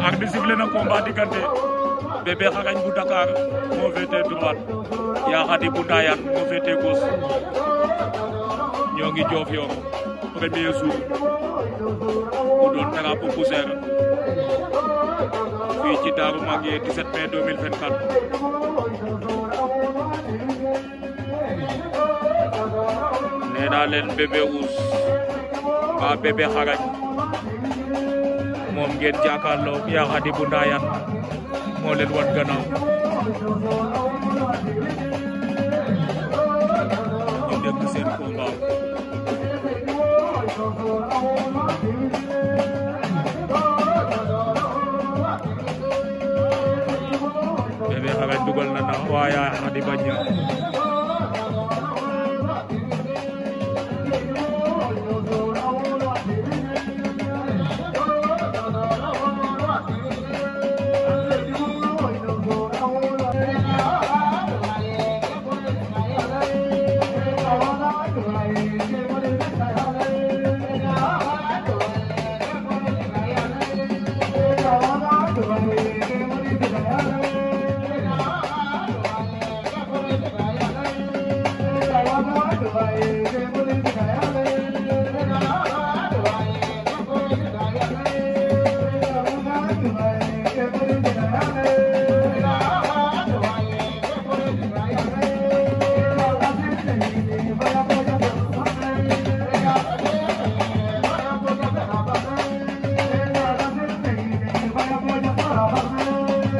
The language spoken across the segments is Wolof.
ak di sifflé na combat diggante Bébé Xaragne bu Dakar moo féete droite Yaa bu Ndayane moo féete gauche ñoo ngi joof yoor premier jour doon drapeau poussière fii ci Daaru Mariyé 17 mai 2024 nee naa leen Bébé Ousse mbaa Bébé moom ngeen jàkkaarloo yaa xadi bu ndaayaan moo leen wan gannaaw ñu dégg seen combat bébé xamet dugal na na waaye xadi bañ na Jaxate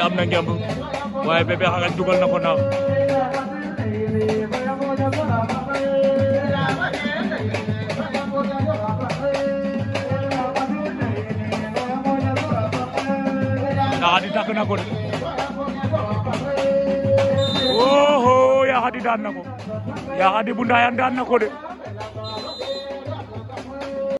am na ngemb waaye bébé xangal dugal na ko naaw Yaxadi takk na ko de oho Yaxadi daan na ko Yaxadi bu Ndayane daan na ko de